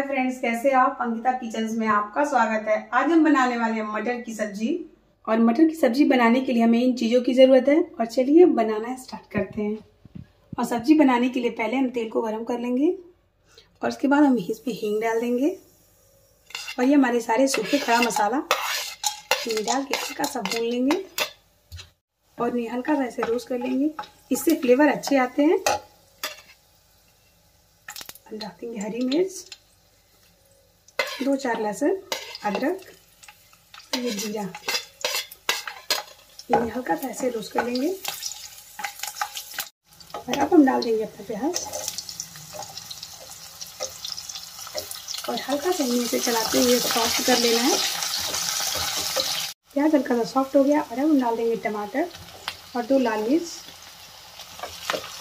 हाय friends कैसे आप Ankita kitchen में आपका स्वागत है आज हम बनाने वाले हैं मटर की सब्जी और मटर की सब्जी बनाने के लिए हमें इन चीज़ों की ज़रूरत है और चलिए बनाना स्टार्ट करते हैं और सब्जी बनाने के लिए पहले हम तेल को गर्म कर लेंगे और उसके बाद हम इसमें हींग डाल देंगे और ये हमारे सारे सूखे खड़ा मसाला हींग डाल के हल्का सा भून लेंगे और हल्का सा ऐसे रोस्ट कर लेंगे इससे फ्लेवर अच्छे आते हैं डाल देंगे हरी मिर्च दो चार लहसुन अदरक ये जीरा ये हल्का सा ऐसे रोस्ट कर लेंगे और अब हम डाल देंगे अपना प्याज और हल्का सा इसे चलाते हुए सॉफ्ट कर लेना है प्याज हल्का सा सॉफ्ट हो गया और अब हम डाल देंगे टमाटर और दो लाल मिर्च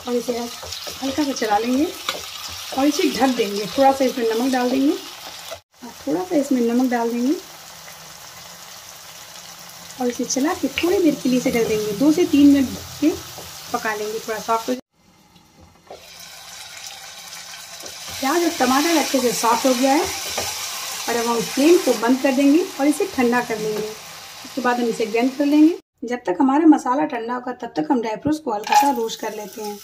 और इसे हल्का सा चला लेंगे और इसे ढक देंगे थोड़ा सा इसमें नमक डाल देंगे थोड़ा सा इसमें नमक डाल देंगे और इसे चला के थोड़ी देर के लिए इसे ढक देंगे दो से तीन मिनट के पका लेंगे थोड़ा सॉफ्ट हो जाए प्याज और टमाटर अच्छे से सॉफ्ट हो गया है और अब हम फ्लेम को बंद कर देंगे और इसे ठंडा कर लेंगे उसके बाद हम इसे ग्राइंड कर लेंगे जब तक हमारा मसाला ठंडा होगा तब तक हम ड्राई फ्रूट्स को हल्का सा रोस्ट कर लेते हैं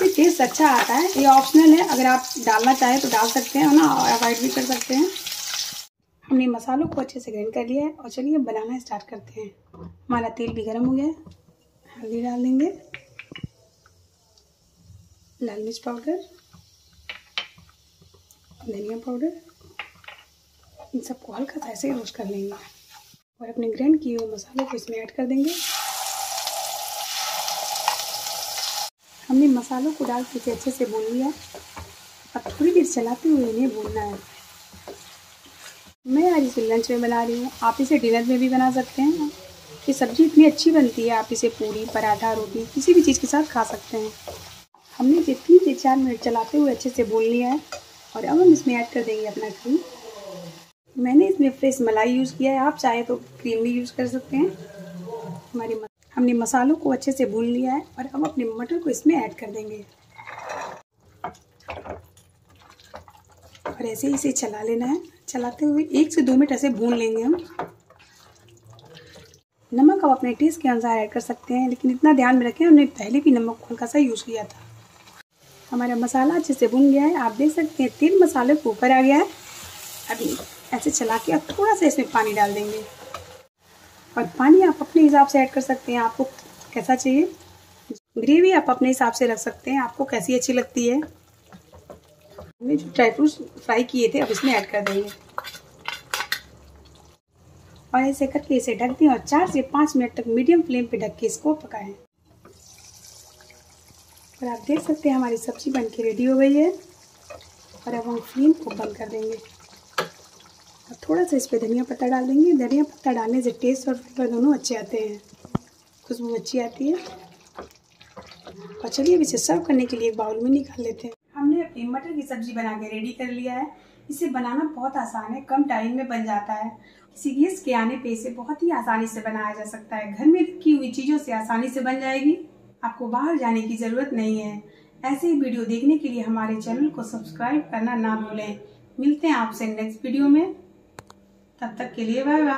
इससे टेस्ट अच्छा आता है ये ऑप्शनल है अगर आप डालना चाहें तो डाल सकते हैं और ना अवॉइड भी कर सकते हैं हमने मसालों को अच्छे से ग्राइंड कर लिया है और चलिए बनाना स्टार्ट करते हैं हमारा तेल भी गर्म हो गया है हल्दी डाल देंगे लाल मिर्च पाउडर धनिया पाउडर इन सबको हल्का सा ऐसे रोस्ट कर लेंगे और अपने ग्राइंड किए हुए मसालों को इसमें ऐड कर देंगे हमने मसालों को डाल करके अच्छे से भून लिया अब थोड़ी देर चलाते हुए इन्हें भूनना है मैं आज इसे लंच में बना रही हूँ आप इसे डिनर में भी बना सकते हैं ये सब्ज़ी इतनी अच्छी बनती है आप इसे पूरी पराठा रोटी किसी भी चीज़ के साथ खा सकते हैं हमने इसे तीन से चार मिनट चलाते हुए अच्छे से भून लिया है और अब हम इसमें ऐड कर देंगे अपना क्रीम मैंने इसमें फ्रेश मलाई यूज़ किया है आप चाहे तो क्रीम भी यूज़ कर सकते हैं हमारी हमने मसालों को अच्छे से भून लिया है और हम अपने मटर को इसमें ऐड कर देंगे और ऐसे ही इसे चला लेना है चलाते हुए एक से दो मिनट ऐसे भून लेंगे हम नमक आप अपने टेस्ट के अनुसार ऐड कर सकते हैं लेकिन इतना ध्यान में रखें हमने पहले भी नमक हल्का सा यूज़ किया था हमारा मसाला अच्छे से भून गया है आप देख सकते हैं तेल मसाले को ऊपर आ गया है अभी ऐसे चला के अब थोड़ा सा इसमें पानी डाल देंगे और पानी आप अपने हिसाब से ऐड कर सकते हैं आपको कैसा चाहिए ग्रेवी आप अपने हिसाब से रख सकते हैं आपको कैसी अच्छी लगती है हमने जो ड्राई फ्रूट्स फ्राई किए थे अब इसमें ऐड कर देंगे और ऐसे करके इसे ढक दें और चार से पाँच मिनट तक मीडियम फ्लेम पे ढक के इसको पकाएं और आप देख सकते हैं हमारी सब्जी बनके रेडी हो गई है और अब हम फ्लेम को बंद कर देंगे और थोड़ा सा इस पर धनिया पत्ता डाल देंगे धनिया पत्ता डालने से टेस्ट और फ्लेवर दोनों अच्छे आते हैं खुशबू अच्छी आती है और चलिए अब इसे सर्व करने के लिए बाउल में निकाल लेते हैं हमने अपनी मटर की सब्जी बना के रेडी कर लिया है इसे बनाना बहुत आसान है कम टाइम में बन जाता है किसी गैस के आने पे इसे बहुत ही आसानी से बनाया जा सकता है घर में रखी हुई चीज़ों से आसानी से बन जाएगी आपको बाहर जाने की ज़रूरत नहीं है ऐसे ही वीडियो देखने के लिए हमारे चैनल को सब्सक्राइब करना ना भूलें मिलते हैं आपसे नेक्स्ट वीडियो में तब तक के लिए बाय बाय